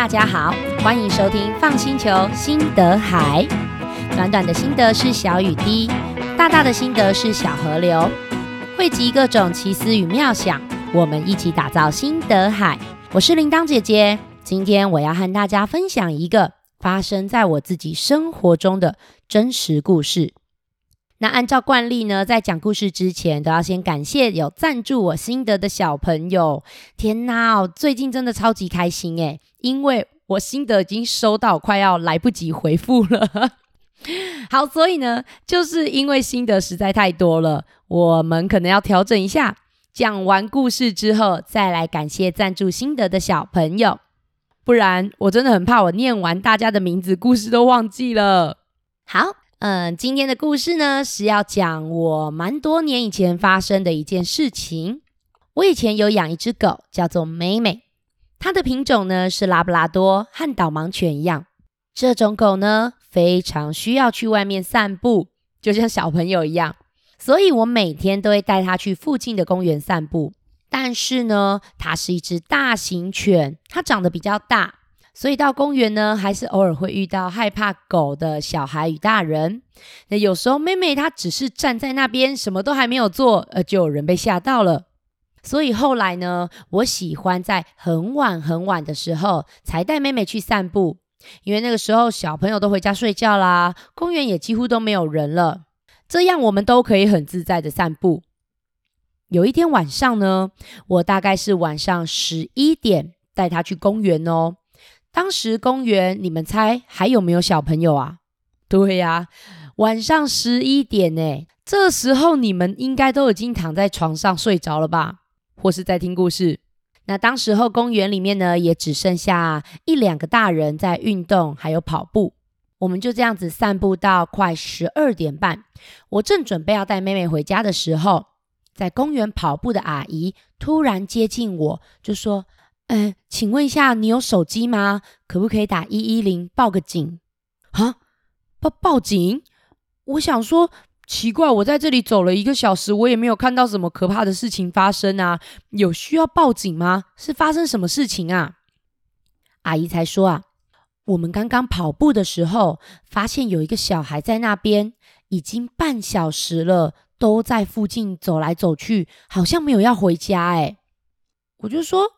大家好，歡迎收聽《FUN 星球心得海》。短短的心得是小雨滴，大大的心得是小河流，匯集各種奇思與妙想，我們一起打造心得海。我是鈴鐺姐姐，今天我要和大家分享一個發生在我自己生活中的真實故事。那按照慣例呢，在講故事之前都要先感謝有贊助我心得的小朋友。天哪，最近真的超級開心耶，因為我心得已經收到，快要來不及回覆了。 好，所以呢，就是因為心得實在太多了，我們可能要調整一下。講完故事之後，再來感謝贊助心得的小朋友，不然我真的很怕我念完大家的名字，故事都忘記了。好。嗯，今天的故事呢，是要講我蠻多年以前發生的一件事情。我以前有養一隻狗，叫做美美，它的品種呢是拉布拉多，和導盲犬一樣。這種狗呢非常需要去外面散步，就像小朋友一樣，所以我每天都會帶它去附近的公園散步。但是呢，它是一隻大型犬，它長得比較大。所以到公園呢，還是偶爾會遇到害怕狗的小孩與大人。那有時候妹妹她只是站在那邊，什麼都還沒有做，呃，就有人被嚇到了。所以後來呢，我喜歡在很晚很晚的時候才帶妹妹去散步，因為那個時候小朋友都回家睡覺啦，公園也幾乎都沒有人了，這樣我們都可以很自在的散步。有一天晚上呢，我大概是晚上十一點帶她去公園哦。當時公園，你們猜還有沒有小朋友啊？對呀、啊，晚上十一點哎，這時候你們應該都已經躺在床上睡着了吧？或是在聽故事。那當時候公園裡面呢，也只剩下一兩個大人在運動，還有跑步。我們就這樣子散步到快十二點半，我正準備要帶妹妹回家的時候，在公園跑步的阿姨突然接近我，就說，哎，請問一下，你有手機嗎？可不可以打一一零報個警？啊，報報警？我想說，奇怪，我在這裡走了一個小時，我也沒有看到什麼可怕的事情發生啊。有需要報警嗎？是發生什麼事情啊？阿姨才說啊，我們剛剛跑步的時候，發現有一個小孩在那邊，已經半小時了，都在附近走來走去，好像沒有要回家，欸。哎，我就說。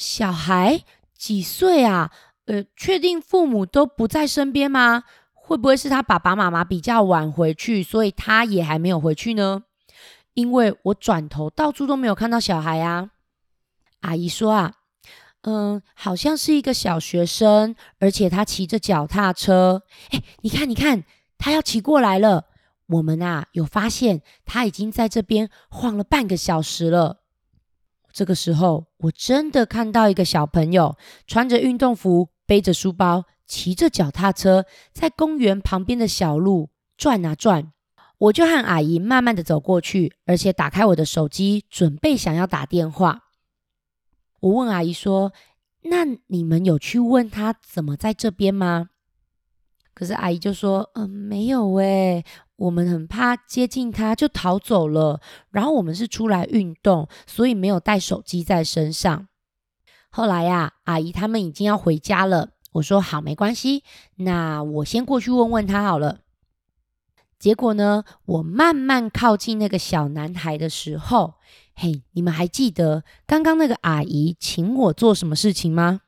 小孩幾歲啊？呃，確定父母都不在身邊嗎？會不會是他爸爸媽媽比較晚回去，所以他也還沒有回去呢？因為我轉頭到處都沒有看到小孩啊。阿姨說啊，嗯，好像是一個小學生，而且他騎着腳踏車。誒，你看，你看，他要騎過來了。我們啊，有發現他已經在這邊晃了半個小時了。這個時候，我真的看到一個小朋友穿着運動服，背着書包，騎着腳踏車，在公園旁邊的小路轉啊轉。我就和阿姨慢慢的走過去，而且打開我的手機，準備想要打電話。我問阿姨說：“那你們有去問他怎麼在這邊嗎？”可是阿姨就說：“嗯，沒有耶，我們很怕接近他，就逃走了。然後我們是出來運動，所以沒有帶手機在身上。後來呀、啊，阿姨他們已經要回家了。我說好，沒關係，那我先過去問問他好了。結果呢，我慢慢靠近那個小男孩的時候，嘿，你們還記得剛剛那個阿姨請我做什麼事情嗎？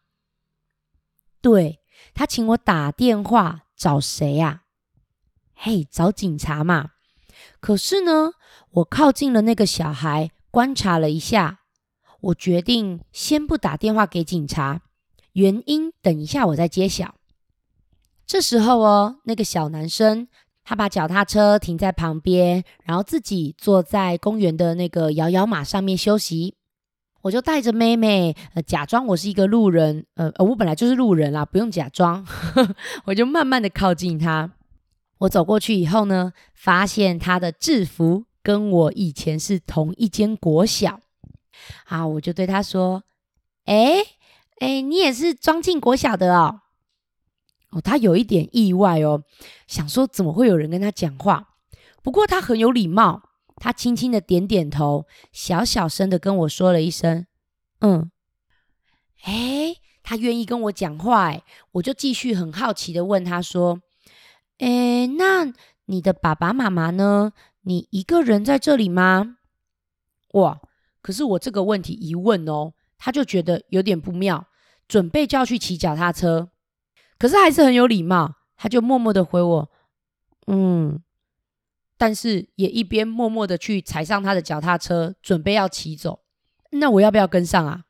對，他請我打電話。”找誰呀？嘿，找警察嘛。可是呢，我靠近了那個小孩，觀察了一下，我決定先不打電話給警察，原因等一下我再揭曉。這時候哦，那個小男生他把腳踏車停在旁邊，然後自己坐在公園的那個搖搖馬上面休息。我就帶着妹妹，呃，假裝我是一個路人，呃，呃我本來就是路人啦，不用假裝。 我就慢慢的靠近他，我走過去以後呢，發現他的制服跟我以前是同一間國小，啊，我就對他說：“哎、欸，哎、欸，你也是莊敬國小的哦。”哦，他有一點意外哦，想說怎麼會有人跟他講話，不過他很有禮貌。他輕輕的點點頭，小小聲的跟我說了一聲：“嗯。”哎，他願意跟我講話哎，我就繼續很好奇的問他說：“哎，那你的爸爸媽媽呢？你一個人在這裡嗎？”哇！可是我這個問題一問哦，他就覺得有點不妙，準備就要去騎腳踏車，可是還是很有禮貌，他就默默的回我：“嗯。”但是也一邊默默的去踩上他的腳踏車，準備要騎走。那我要不要跟上啊？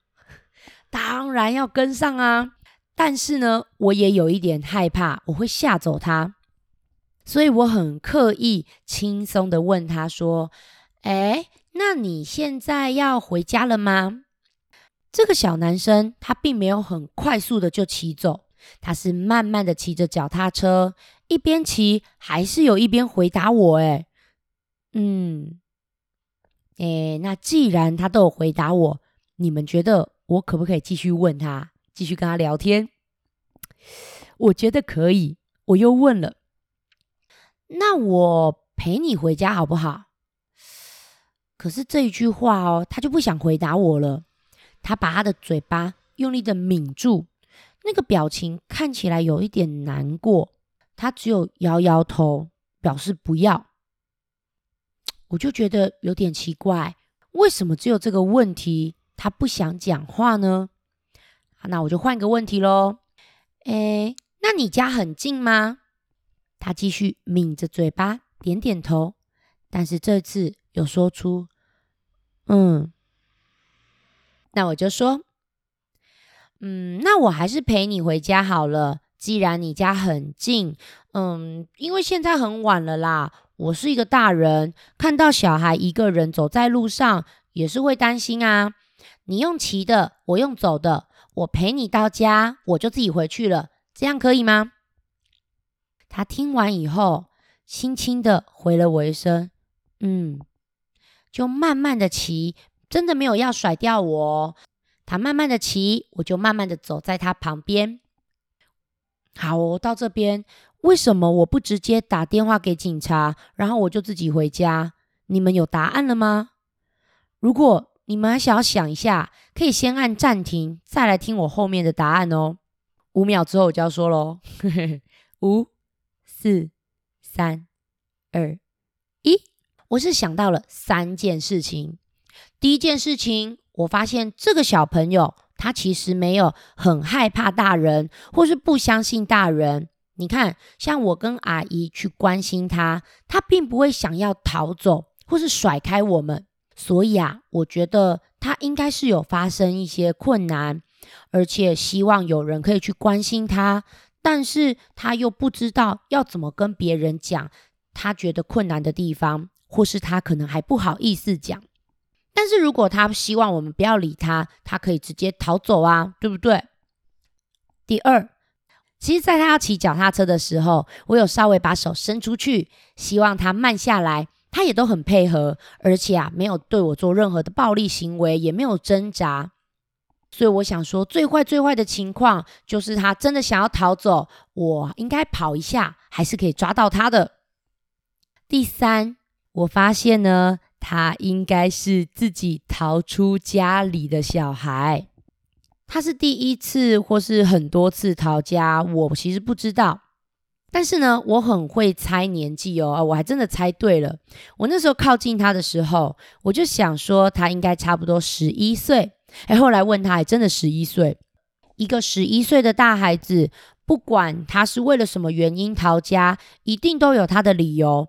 當然要跟上啊！但是呢，我也有一點害怕，我會嚇走他，所以我很刻意輕鬆的問他說：“哎，那你現在要回家了嗎？”這個小男生他並沒有很快速的就騎走，他是慢慢的騎着腳踏車。一邊騎還是有一邊回答我，哎，嗯，哎、欸，那既然他都有回答我，你們覺得我可不可以繼續問他，繼續跟他聊天？我覺得可以。我又問了，那我陪你回家好不好？可是這一句話哦，他就不想回答我了，他把他的嘴巴用力的抿住，那個表情看起來有一點難過。他只有搖搖頭，表示不要。我就覺得有點奇怪，為什麼只有這個問題他不想講話呢？那我就換一個問題嘍。哎，那你家很近嗎？他繼續抿着嘴巴，點點頭。但是這次有說出，嗯。那我就說，嗯，那我還是陪你回家好了。既然你家很近，嗯，因為現在很晚了啦，我是一個大人，看到小孩一個人走在路上也是會擔心啊。你用騎的，我用走的，我陪你到家，我就自己回去了，這樣可以嗎？他聽完以後，輕輕的回了我一聲，嗯，就慢慢的騎，真的沒有要甩掉我哦。他慢慢的騎，我就慢慢的走在他旁邊。好哦，到這邊，為什麼我不直接打電話給警察，然後我就自己回家？你們有答案了嗎？如果你們還想要想一下，可以先按暫停，再來聽我後面的答案哦。五秒之後我就要說嘍，嘿嘿嘿，五、四、三、二、一，我是想到了三件事情。第一件事情，我發現這個小朋友。他其實沒有很害怕大人，或是不相信大人。你看，像我跟阿姨去關心他，他並不會想要逃走或是甩開我們。所以啊，我覺得他應該是有發生一些困難，而且希望有人可以去關心他，但是他又不知道要怎麼跟別人講他覺得困難的地方，或是他可能還不好意思講。但是如果他希望我們不要理他，他可以直接逃走啊，對不對？第二，其實在他要騎腳踏車的時候，我有稍微把手伸出去，希望他慢下來，他也都很配合，而且啊，沒有對我做任何的暴力行為，也沒有掙扎。所以我想說，最壞最壞的情況就是他真的想要逃走，我應該跑一下，還是可以抓到他的。第三，我發現呢，他應該是自己逃出家裡的小孩，他是第一次或是很多次逃家，我其實不知道。但是呢，我很會猜年紀哦，啊，哦，我還真的猜對了。我那時候靠近他的時候，我就想說他應該差不多十一歲，哎，後來問他，還，哎，真的十一歲。一個十一歲的大孩子，不管他是為了什麼原因逃家，一定都有他的理由。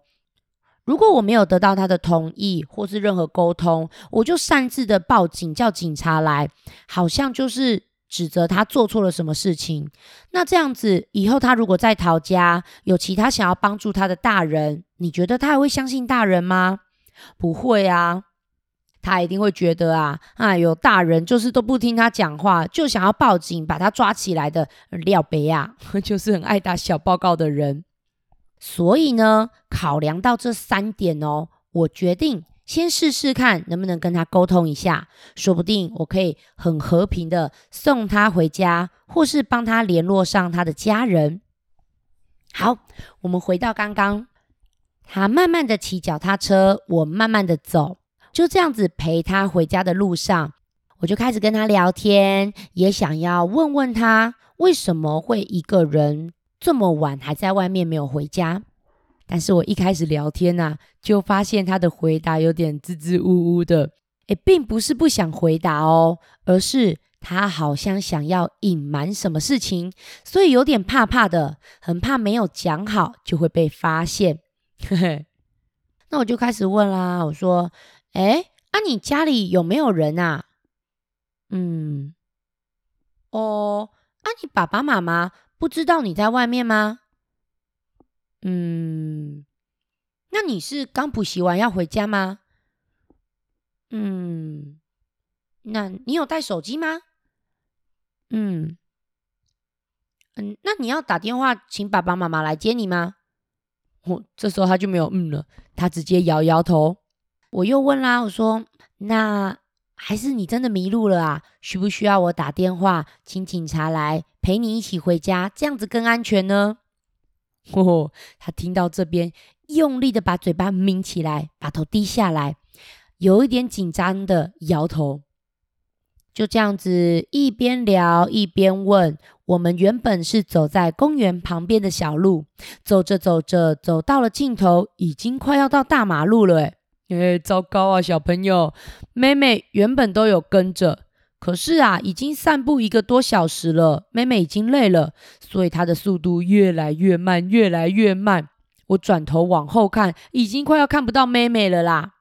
如果我沒有得到他的同意或是任何溝通，我就擅自的報警叫警察來，好像就是指責他做錯了什麼事情。那這樣子以後他如果再逃家，有其他想要幫助他的大人，你覺得他還會相信大人嗎？不會啊，他一定會覺得啊啊，有、哎、大人就是都不聽他講話，就想要報警把他抓起來的廖北啊 就是很愛打小報告的人。所以呢，考量到這三點哦，我決定先試試看能不能跟他溝通一下，說不定我可以很和平的送他回家，或是幫他聯絡上他的家人。好，我們回到剛剛，他慢慢的騎腳踏車，我慢慢的走，就這樣子陪他回家的路上，我就開始跟他聊天，也想要問問他為什麼會一個人。這麼晚還在外面沒有回家，但是我一開始聊天啊，就發現他的回答有點支支吾吾的。哎，並不是不想回答哦，而是他好像想要隱瞞什麼事情，所以有點怕怕的，很怕沒有講好就會被發現。嘿嘿，那我就開始問啦，我說：“哎，啊，你家裡有沒有人啊？”嗯，哦，啊，你爸爸媽媽？不知道你在外面嗎？嗯，那你是剛補習完要回家嗎？嗯，那你有帶手機嗎？嗯，嗯，那你要打電話請爸爸媽媽來接你嗎？我這時候他就沒有嗯了，他直接搖搖頭。我又問啦，我說那。還是你真的迷路了啊？需不需要我打電話請警察來陪你一起回家，這樣子更安全呢？ 哦，他聽到這邊，用力的把嘴巴抿起來，把頭低下來，有一點緊張的搖頭。就這樣子一邊聊一邊問，我們原本是走在公園旁邊的小路，走着走着走到了盡頭，已經快要到大馬路了。哎、欸，糟糕啊！小朋友，妹妹原本都有跟着，可是啊，已經散步一個多小時了，妹妹已經累了，所以她的速度越來越慢，越來越慢。我轉頭往後看，已經快要看不到妹妹了啦。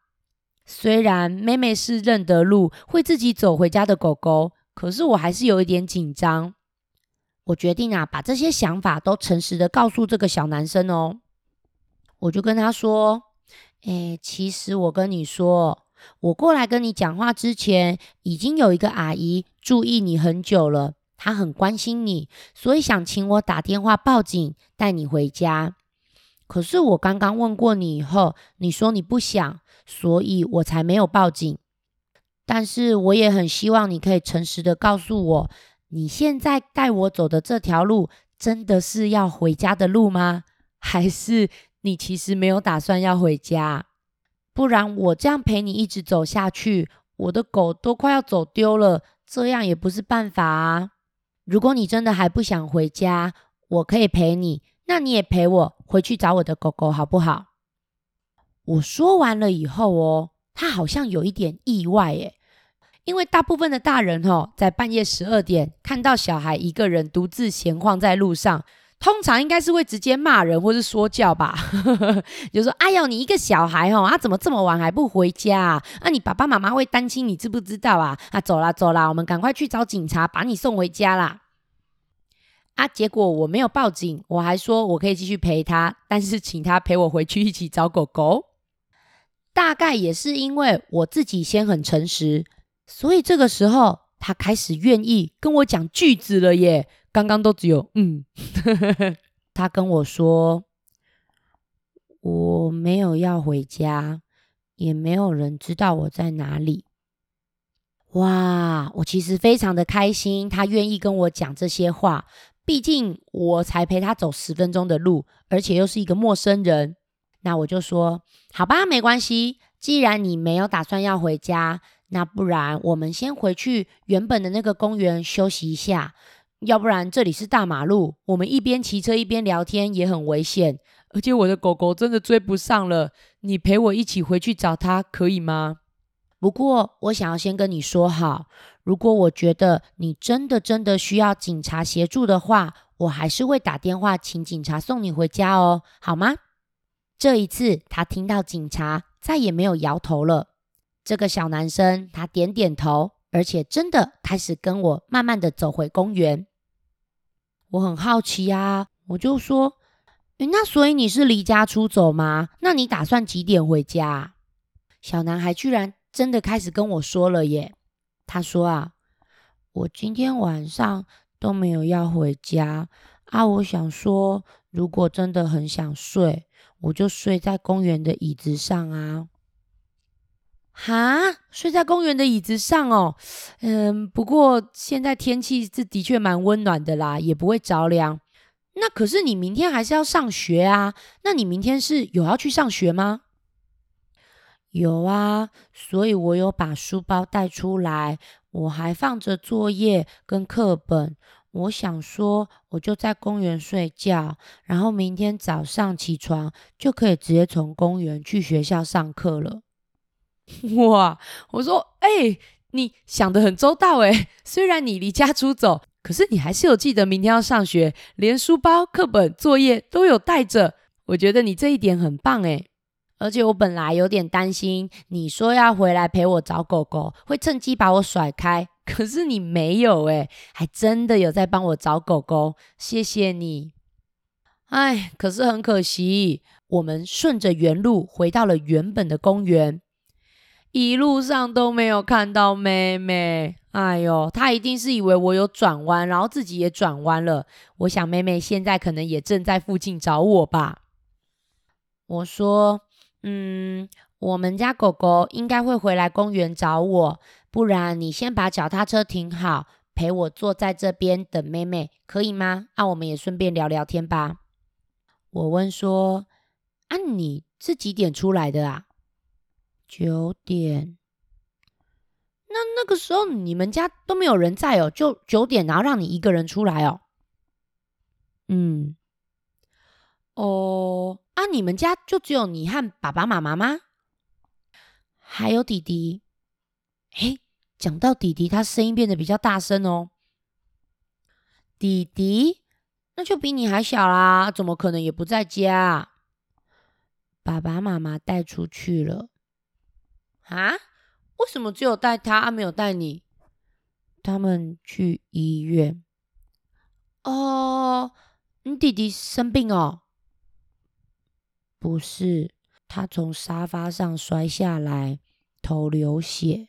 雖然妹妹是認得路，會自己走回家的狗狗，可是我還是有一點緊張。我決定啊，把這些想法都誠實的告訴這個小男生哦。我就跟他說。誒、欸，其實我跟你說，我過來跟你講話之前，已經有一個阿姨注意你很久了，她很關心你，所以想請我打電話報警，帶你回家。可是我剛剛問過你以後，你說你不想，所以我才沒有報警。但是我也很希望你可以誠實的告訴我，你現在帶我走的這條路，真的是要回家的路嗎？還是？你其實沒有打算要回家？不然我這樣陪你一直走下去，我的狗都快要走丟了，這樣也不是辦法啊。如果你真的還不想回家，我可以陪你，那你也陪我回去找我的狗狗好不好？我說完了以後哦，他好像有一點意外耶，因為大部分的大人哦，在半夜十二點看到小孩一個人獨自閒晃，在路上。通常應該是會直接罵人或是說教吧，呵呵，就是說：“哎喲你一個小孩哦，啊，怎麼這麼晚還不回家啊？啊，你爸爸媽媽會擔心，你知不知道啊？啊，走啦走啦，我們趕快去找警察，把你送回家啦。”啊，結果我沒有報警，我還說我可以繼續陪他，但是請他陪我回去一起找狗狗。大概也是因為我自己先很誠實，所以這個時候他開始願意跟我講句子了耶。剛剛都只有嗯， 他跟我說，我沒有要回家，也沒有人知道我在哪裡。哇，我其實非常的開心，他願意跟我講這些話，畢竟我才陪他走十分鐘的路，而且又是一個陌生人。那我就說好吧，沒關係，既然你沒有打算要回家，那不然我們先回去原本的那個公園休息一下。要不然這裡是大馬路，我們一邊騎車一邊聊天也很危險。而且我的狗狗真的追不上了，你陪我一起回去找它可以嗎？不過我想要先跟你說好，如果我覺得你真的真的需要警察協助的話，我還是會打電話請警察送你回家哦，好嗎？這一次他聽到警察再也沒有搖頭了。這個小男生他點點頭，而且真的開始跟我慢慢的走回公園。我很好奇啊，我就說誒，那所以你是離家出走嗎？那你打算幾點回家？小男孩居然真的開始跟我說了耶。他說啊，我今天晚上都沒有要回家啊。我想說，如果真的很想睡，我就睡在公園的椅子上啊。啊，睡在公園的椅子上哦，嗯，不過現在天氣是的確蠻溫暖的啦，也不會着涼。那可是你明天還是要上學啊？那你明天是有要去上學嗎？有啊，所以我有把書包帶出來，我還放着作業跟課本。我想說，我就在公園睡覺，然後明天早上起床就可以直接從公園去學校上課了。哇！我說，哎、欸，你想得很周到哎。雖然你離家出走，可是你還是有記得明天要上學，連書包、課本、作業都有帶着。我覺得你這一點很棒哎。而且我本來有點擔心，你說要回來陪我找狗狗，會趁機把我甩開。可是你沒有哎，還真的有在幫我找狗狗。謝謝你。哎，可是很可惜，我們順着原路回到了原本的公園。一路上都沒有看到妹妹，哎呦，她一定是以為我有轉彎，然後自己也轉彎了。我想妹妹現在可能也正在附近找我吧。我說，嗯，我們家狗狗應該會回來公園找我，不然你先把腳踏車停好，陪我坐在這邊等妹妹，可以嗎？那、啊、我們也順便聊聊天吧。我問說，那、啊、你是幾點出來的啊？九點，那那個時候你們家都沒有人在哦？就九點，然後讓你一個人出來哦。嗯，哦啊，你們家就只有你和爸爸媽媽嗎？還有弟弟。欸，講到弟弟，他聲音變得比較大聲哦。弟弟，那就比你還小啦，怎麼可能也不在家啊？爸爸媽媽帶出去了。啊？為什麼只有帶他，而、啊、沒有帶你？他們去醫院。哦，你弟弟生病哦？不是，他從沙發上摔下來，頭流血。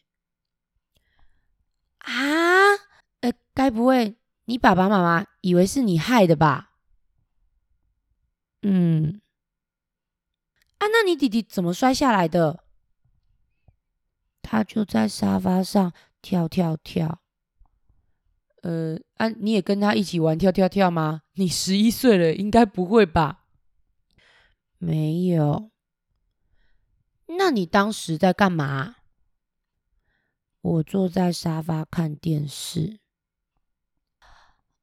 啊？呃，該不會你爸爸媽媽以為是你害的吧？嗯。啊，那你弟弟怎麼摔下來的？他就在沙發上跳跳跳。呃，啊，你也跟他一起玩跳跳跳嗎？你十一歲了，應該不會吧？沒有。那你當時在幹嘛？我坐在沙發看電視。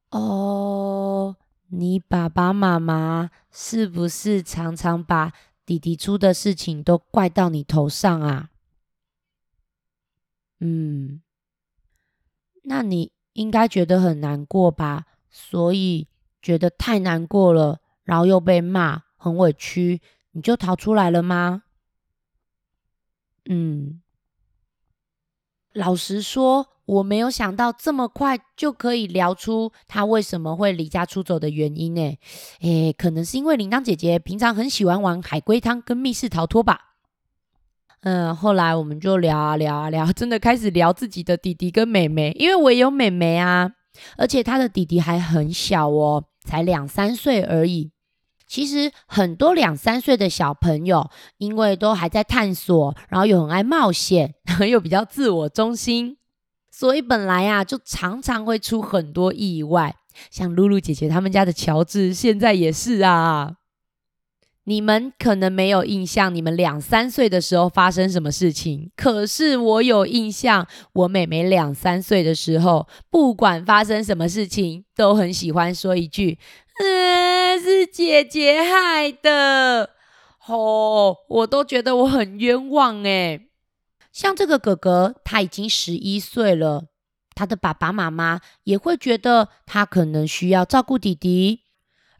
哦，你爸爸媽媽是不是常常把弟弟出的事情都怪到你頭上啊？嗯，那你應該覺得很難過吧？所以覺得太難過了，然後又被罵，很委屈，你就逃出來了嗎？嗯，老實說，我沒有想到這麼快就可以聊出他為什麼會離家出走的原因呢。誒、欸，可能是因為鈴鐺姐姐平常很喜歡玩海龜湯跟密室逃脫吧。嗯，後來我們就聊啊聊啊聊，真的開始聊自己的弟弟跟妹妹，因為我也有妹妹啊，而且她的弟弟還很小哦，才兩三歲而已。其實很多兩三歲的小朋友，因為都還在探索，然後又很愛冒險，然後又比較自我中心，所以本來啊，就常常會出很多意外。像露露姐姐他們家的喬治現在也是啊。你們可能沒有印象，你們兩三歲的時候發生什麼事情？可是我有印象，我妹妹兩三歲的時候，不管發生什麼事情，都很喜歡說一句：“嗯、呃，是姐姐害的。”吼，我都覺得我很冤枉哎。像這個哥哥，他已經十一歲了，他的爸爸媽媽也會覺得他可能需要照顧弟弟。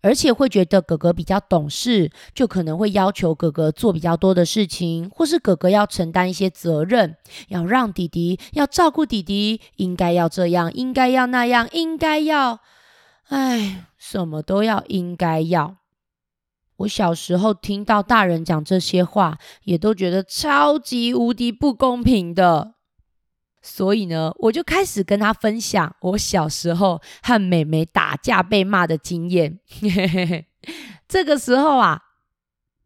而且會覺得哥哥比較懂事，就可能會要求哥哥做比較多的事情，或是哥哥要承擔一些責任，要讓弟弟，要照顧弟弟，應該要這樣，應該要那樣，應該要……哎，什麼都要應該要。我小時候聽到大人講這些話，也都覺得超級無敵不公平的。所以呢，我就開始跟他分享我小時候和妹妹打架被罵的經驗。 這個時候啊，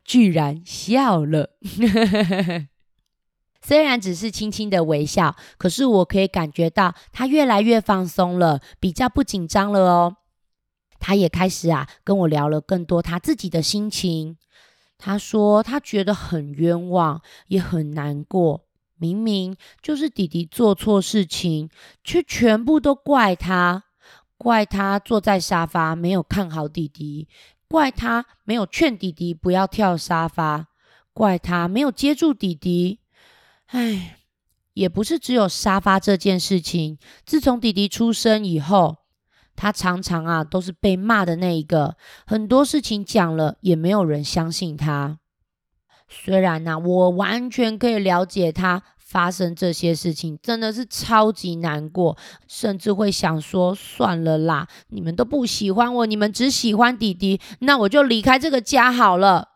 居然笑了， 雖然只是輕輕的微笑，可是我可以感覺到他越來越放鬆了，比較不緊張了哦。他也開始啊跟我聊了更多他自己的心情。他說他覺得很冤枉，也很難過。明明就是弟弟做錯事情，卻全部都怪他，怪他坐在沙發沒有看好弟弟，怪他沒有勸弟弟不要跳沙發，怪他沒有接住弟弟。唉，也不是只有沙發這件事情，自從弟弟出生以後，他常常啊都是被罵的那一個，很多事情講了也沒有人相信他。雖然吶，我完全可以了解他發生這些事情，真的是超級難過，甚至會想說算了啦，你們都不喜歡我，你們只喜歡弟弟，那我就離開這個家好了。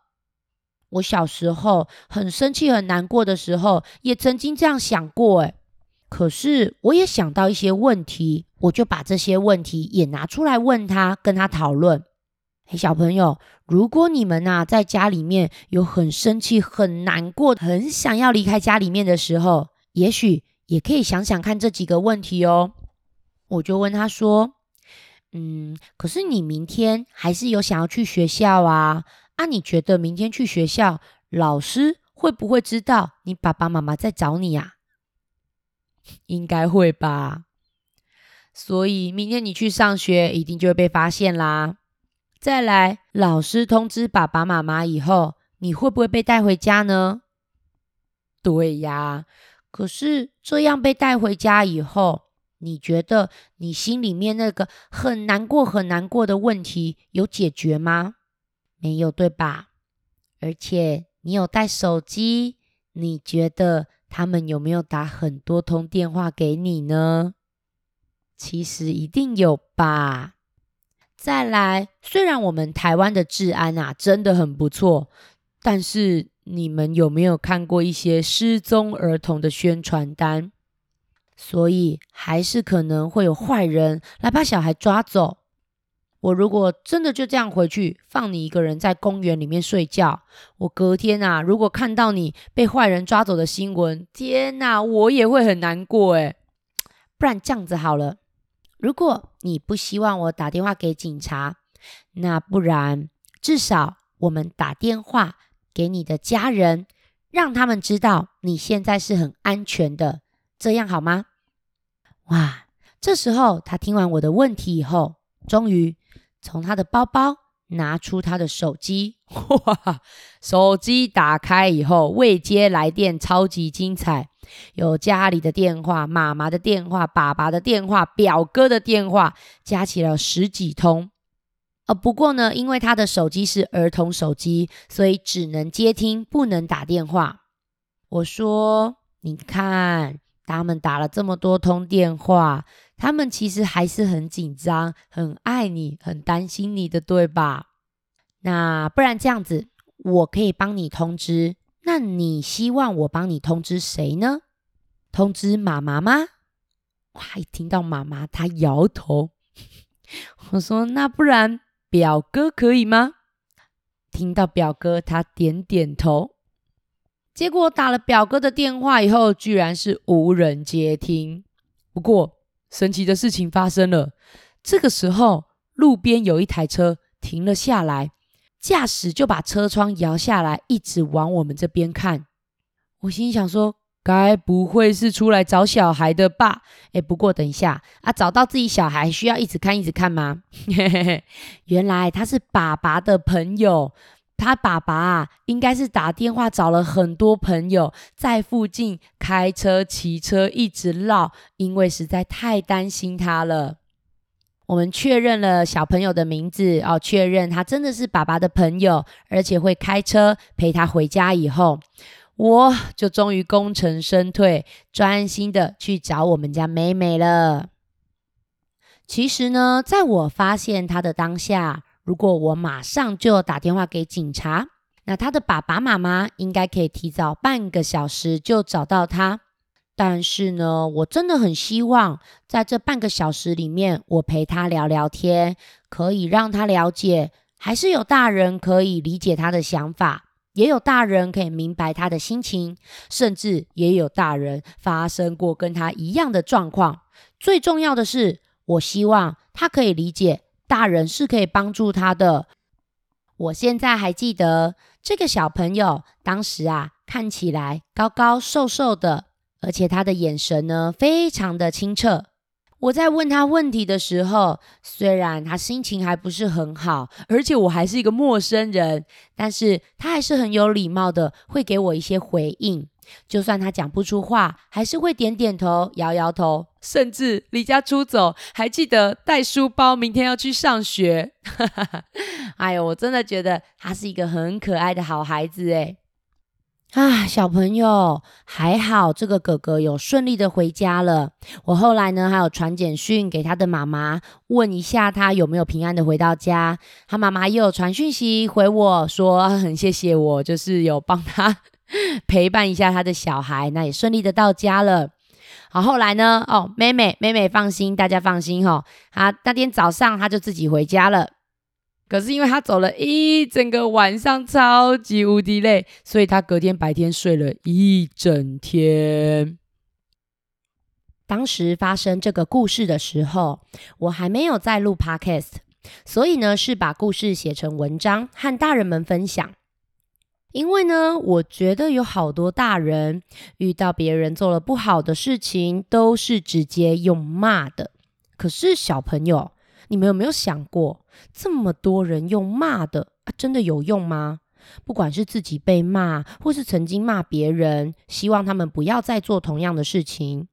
我小時候很生氣很難過的時候，也曾經這樣想過誒，可是我也想到一些問題，我就把這些問題也拿出來問他，跟他討論。Hey, 小朋友，如果你們吶、啊、在家裡面有很生氣、很難過、很想要離開家裡面的時候，也許也可以想想看這幾個問題哦。我就問他說：“嗯，可是你明天還是有想要去學校啊？那、啊、你覺得明天去學校，老師會不會知道你爸爸媽媽在找你呀、啊？應該會吧。所以明天你去上學，一定就會被發現啦。”再來，老師通知爸爸媽媽以後，你會不會被帶回家呢？對呀，可是這樣被帶回家以後，你覺得你心裡面那個很難過、很難過的問題有解決嗎？沒有，對吧？而且你有帶手機，你覺得他們有沒有打很多通電話給你呢？其實一定有吧。再來，雖然我們台灣的治安啊真的很不錯，但是你們有沒有看過一些失蹤兒童的宣傳單？所以還是可能會有壞人來把小孩抓走。我如果真的就這樣回去，放你一個人在公園裡面睡覺，我隔天啊，如果看到你被壞人抓走的新聞，天吶，我也會很難過哎。不然這樣子好了。如果你不希望我打電話給警察，那不然至少我們打電話給你的家人，讓他們知道你現在是很安全的，這樣好嗎？哇！這時候他聽完我的問題以後，終於從他的包包拿出他的手機。哇！手機打開以後，未接來電超級精彩。有家裡的電話、媽媽的電話、爸爸的電話、表哥的電話，加起了十幾通。呃、啊，不過呢，因為他的手機是兒童手機，所以只能接聽，不能打電話。我說，你看，他們打了這麼多通電話，他們其實還是很緊張、很愛你、很擔心你的，對吧？那不然這樣子，我可以幫你通知。那你希望我幫你通知誰呢？通知媽媽嗎？哇，一聽到媽媽，他搖頭。 我說：“那不然表哥可以嗎？”聽到表哥，他點點頭。結果打了表哥的電話以後，居然是無人接聽。不過，神奇的事情發生了。這個時候，路邊有一台車停了下來。駕駛就把車窗搖下來，一直往我們這邊看。我心想說，該不會是出來找小孩的吧？誒、欸，不過等一下啊，找到自己小孩需要一直看一直看嗎？嘿嘿嘿，原來他是爸爸的朋友，他爸爸啊，應該是打電話找了很多朋友在附近開車、騎車一直繞，因為實在太擔心他了。我們確認了小朋友的名字，哦，確認他真的是爸爸的朋友，而且會開車陪他回家以後，我就終於功成身退，專心的去找我們家妹妹了。其實呢，在我發現他的當下，如果我馬上就打電話給警察，那他的爸爸媽媽應該可以提早半個小時就找到他。但是呢，我真的很希望在這半個小時裡面，我陪他聊聊天，可以讓他了解，還是有大人可以理解他的想法，也有大人可以明白他的心情，甚至也有大人發生過跟他一樣的狀況。最重要的是，我希望他可以理解，大人是可以幫助他的。我現在還記得這個小朋友，當時啊，看起來高高瘦瘦的。而且他的眼神呢，非常的清澈。我在問他問題的時候，雖然他心情還不是很好，而且我還是一個陌生人，但是他還是很有禮貌的，會給我一些回應。就算他講不出話，還是會點點頭、搖搖頭，甚至離家出走，還記得帶書包，明天要去上學。 哎呦，我真的覺得他是一個很可愛的好孩子，誒。啊，小朋友，還好這個哥哥有順利的回家了。我後來呢，還有傳簡訊給他的媽媽，問一下他有沒有平安的回到家。他媽媽也有傳訊息回我說，很、啊、謝謝我，就是有幫他陪伴一下他的小孩，那也順利的到家了。好，後來呢，哦，妹妹，妹妹放心，大家放心哈、哦。他那天早上他就自己回家了。可是因為他走了一整個晚上，超級無敵累，所以他隔天白天睡了一整天。當時發生這個故事的時候，我還沒有在錄 Podcast，所以呢是把故事寫成文章和大人們分享。因為呢，我覺得有好多大人遇到別人做了不好的事情，都是直接用罵的。可是小朋友，你們有沒有想過？這麼多人用罵的啊，真的有用嗎？不管是自己被罵，或是曾經罵別人，希望他們不要再做同樣的事情。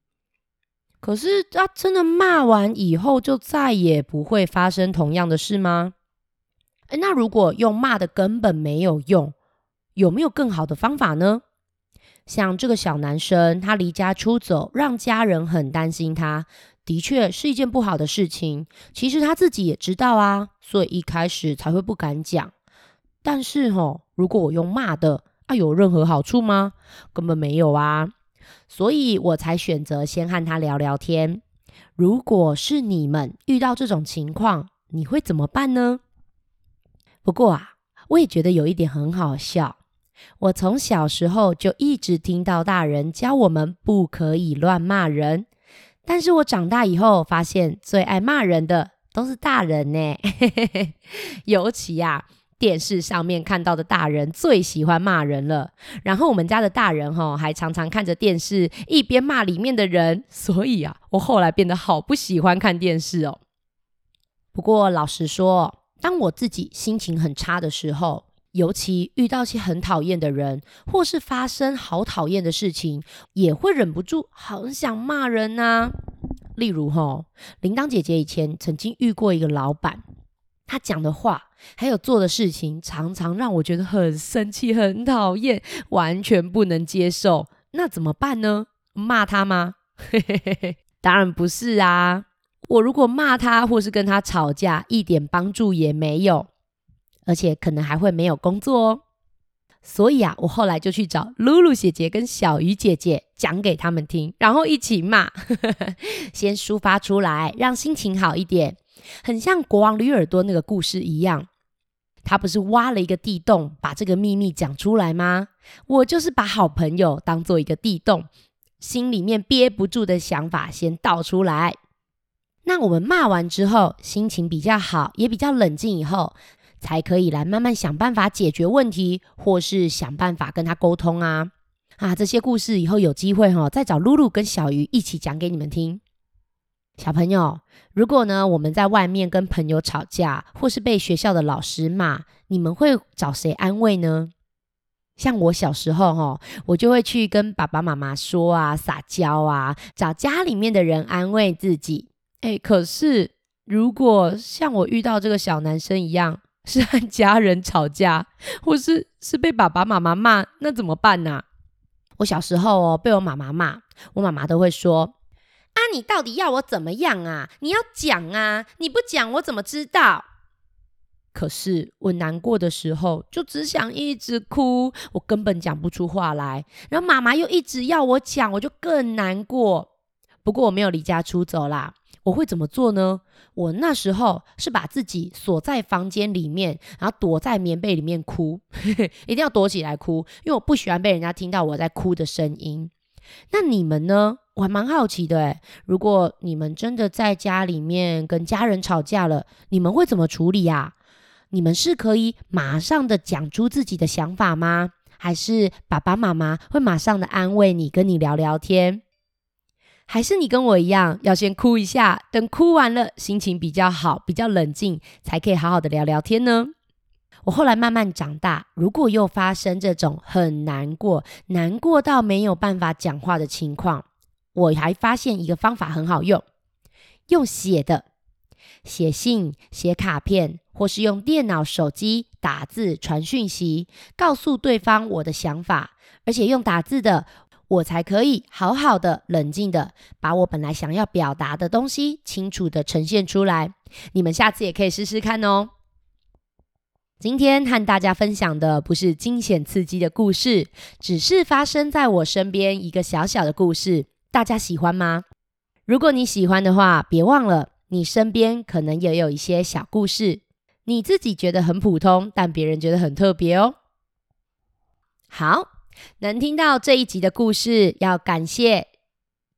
可是，他啊，真的罵完以後，就再也不會發生同樣的事嗎？誒,那如果用罵的根本沒有用，有沒有更好的方法呢？像這個小男生，他離家出走，讓家人很擔心他。的確是一件不好的事情。其實他自己也知道啊，所以一開始才會不敢講。但是哈、哦，如果我用罵的，啊，有任何好處嗎？根本沒有啊，所以我才選擇先和他聊聊天。如果是你們遇到這種情況，你會怎麼辦呢？不過啊，我也覺得有一點很好笑。我從小時候就一直聽到大人教我們不可以亂罵人。但是我長大以後發現，最愛罵人的都是大人呢。 尤其呀、啊，電視上面看到的大人最喜歡罵人了。然後我們家的大人哈、哦，還常常看着電視，一邊罵裡面的人。所以啊，我後來變得好不喜歡看電視哦。不過老實說，當我自己心情很差的時候，尤其遇到些很討厭的人，或是發生好討厭的事情，也會忍不住很想罵人吶、啊。例如、哦，哈鈴鐺姐姐以前曾經遇過一個老闆，她講的話還有做的事情，常常讓我覺得很生氣、很討厭，完全不能接受。那怎麼辦呢？罵他嗎？嘿嘿嘿嘿，當然不是啊。我如果罵他，或是跟他吵架，一點幫助也沒有。而且可能還會沒有工作哦，所以啊，我後來就去找露露姐姐跟小魚姐姐講給他們聽，然後一起罵， 先抒發出來，讓心情好一點，很像國王驢耳朵那個故事一樣，他不是挖了一個地洞，把這個秘密講出來嗎？我就是把好朋友當做一個地洞，心裡面憋不住的想法先倒出來。那我們罵完之後，心情比較好，也比較冷靜，以後，才可以來慢慢想辦法解決問題，或是想辦法跟他溝通啊啊！這些故事以後有機會齁，再找露露跟小魚一起講給你們聽。小朋友，如果呢，我們在外面跟朋友吵架，或是被學校的老師罵，你們會找誰安慰呢？像我小時候齁，我就會去跟爸爸媽媽說啊，撒嬌啊，找家裡面的人安慰自己。誒，可是如果像我遇到這個小男生一樣。是和家人吵架，或是是被爸爸媽媽罵，那怎麼辦呢、啊？我小時候哦，被我媽媽罵，我媽媽都會說：“啊，你到底要我怎麼樣啊？你要講啊，你不講我怎麼知道？”可是我難過的時候，就只想一直哭，我根本講不出話來。然後媽媽又一直要我講，我就更難過。不過我沒有離家出走啦，我會怎麼做呢？我那時候是把自己鎖在房間裡面，然後躲在棉被裡面哭， 一定要躲起來哭，因為我不喜歡被人家聽到我在哭的聲音。那你們呢？我還蠻好奇的，如果你們真的在家裡面跟家人吵架了，你們會怎麼處理啊？你們是可以馬上的講出自己的想法嗎？還是爸爸媽媽會馬上的安慰你，跟你聊聊天？還是你跟我一樣，要先哭一下，等哭完了，心情比較好，比較冷靜，才可以好好的聊聊天呢？我後來慢慢長大，如果又發生這種很難過、難過到沒有辦法講話的情況，我還發現一個方法很好用，用寫的，寫信、寫卡片，或是用電腦、手機打字傳訊息，告訴對方我的想法，而且用打字的。我才可以好好的、冷靜的把我本來想要表達的東西清楚的呈現出來。你們下次也可以試試看哦。今天和大家分享的不是驚險刺激的故事，只是發生在我身邊一個小小的故事。大家喜歡嗎？如果你喜歡的話，別忘了你身邊可能也有一些小故事，你自己覺得很普通，但別人覺得很特別哦。好。能聽到這一集的故事，要感謝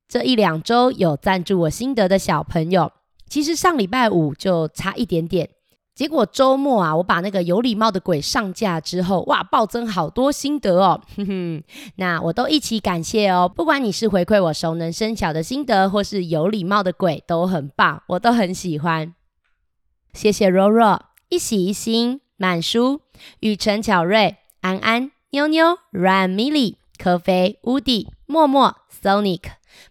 這一兩周有贊助我心得的小朋友。其實上禮拜五就差一點點，結果周末啊，我把那個有禮貌的鬼上架之後，哇，暴增好多心得哦。哼哼，那我都一起感謝哦。不管你是回饋我熟能生巧的心得，或是有禮貌的鬼，都很棒，我都很喜歡。謝謝若若、一喜一心、滿書雨晨巧瑞、安安。妞妞、Ran、Millie 科菲、Woody、默默、Sonic、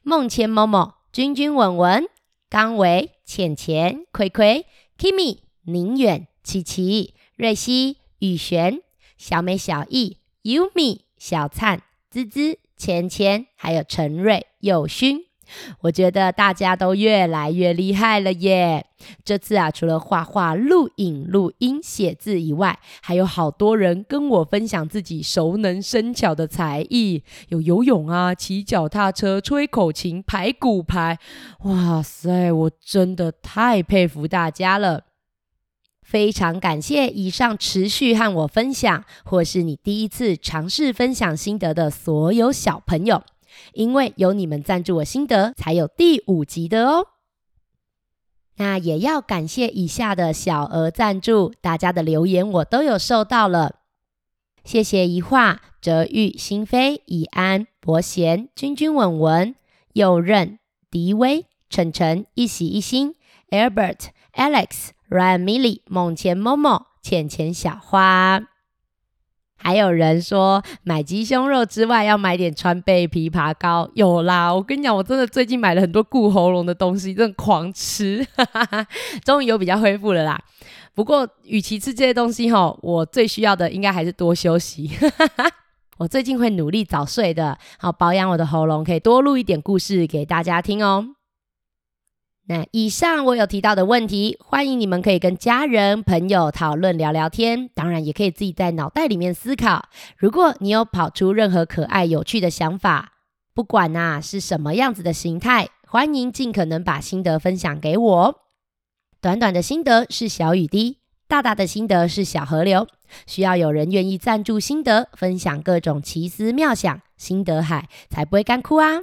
夢乾、某某、君君、文文、穩穩剛唯、淺淺、葵葵、Kimi、寧遠、琪琪、瑞希、雨璇、小美小、小藝、Yumi、小燦、滋滋、乾乾，還有陳瑞、友薰。我覺得大家都越來越厲害了耶！這次啊，除了畫畫、錄影、錄音、寫字以外，還有好多人跟我分享自己熟能生巧的才藝，有游泳啊、騎腳踏車、吹口琴、排骨牌。哇塞，我真的太佩服大家了！非常感謝以上持續和我分享，或是你第一次嘗試分享心得的所有小朋友。因為有你們贊助我心得，才有第五集的哦。那也要感謝以下的小額贊助，大家的留言我都有收到了。謝謝一畫、澤玉、心扉、以安、伯賢、君君、穩穩、又任、迪威、晨晨、一喜一心、Albert、Alex、Ryan、Milly、夢錢、某某、淺淺、小花。還有人說買雞胸肉之外，要買點川貝枇杷膏。有啦，我跟你講，我真的最近買了很多顧喉嚨的東西，真的狂吃， 終於有比較恢復了啦。不過，與其吃這些東西吼，我最需要的應該還是多休息。 我最近會努力早睡的，好保養我的喉嚨，可以多錄一點故事給大家聽哦。那以上我有提到的問題，歡迎你們可以跟家人朋友討論聊聊天，當然也可以自己在腦袋裡面思考。如果你有跑出任何可愛有趣的想法，不管吶、啊、是什麼樣子的形態，歡迎盡可能把心得分享給我。短短的心得是小雨滴，大大的心得是小河流，需要有人願意贊助心得，分享各種奇思妙想，心得海才不會乾枯啊。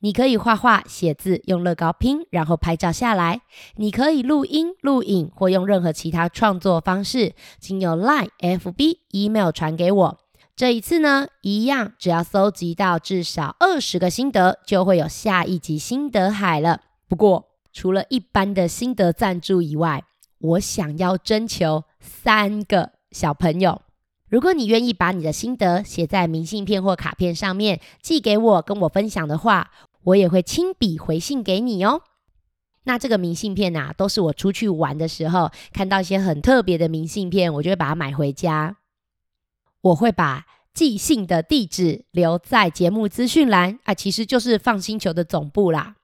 你可以畫畫、寫字，用樂高拼，然後拍照下來。你可以錄音、錄影，或用任何其他創作方式，經由 Line、FB、Email 傳給我。這一次呢，一樣，只要蒐集到至少二十個心得，就會有下一集心得海了。不過，除了一般的心得贊助以外，我想要徵求三個小朋友。如果你願意把你的心得寫在明信片或卡片上面寄給我，跟我分享的話，我也會親筆回信給你哦。那這個明信片吶、啊，都是我出去玩的時候看到一些很特別的明信片，我就會把它買回家。我會把寄信的地址留在節目資訊欄，啊，其實就是 FUN 星球的總部啦。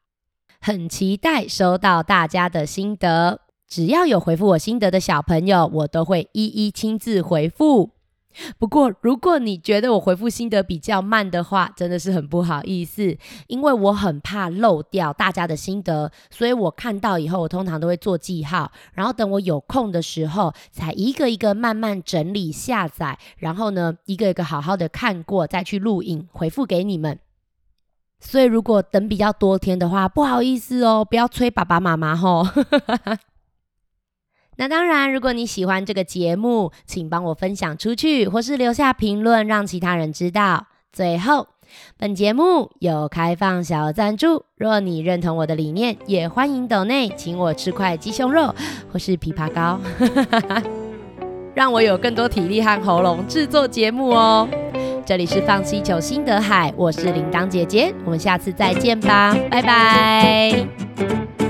很期待收到大家的心得，只要有回復我心得的小朋友，我都會一一親自回復。不過，如果你覺得我回覆心得比較慢的話，真的是很不好意思，因為我很怕漏掉大家的心得，所以我看到以後，我通常都會做記號，然後等我有空的時候，才一個一個慢慢整理下載，然後呢，一個一個好好的看過，再去錄影回覆給你們。所以如果等比較多天的話，不好意思哦，不要催爸爸媽媽吼、哦。 那當然，如果你喜歡這個節目，請幫我分享出去，或是留下評論，讓其他人知道。最後，本節目有開放小贊助，若你認同我的理念，也歡迎斗內請我吃塊雞胸肉，或是枇杷膏， 讓我有更多體力和喉嚨制作節目哦。這裡是 FUN 星球心得海，我是鈴噹姐姐，我們下次再見吧，拜拜。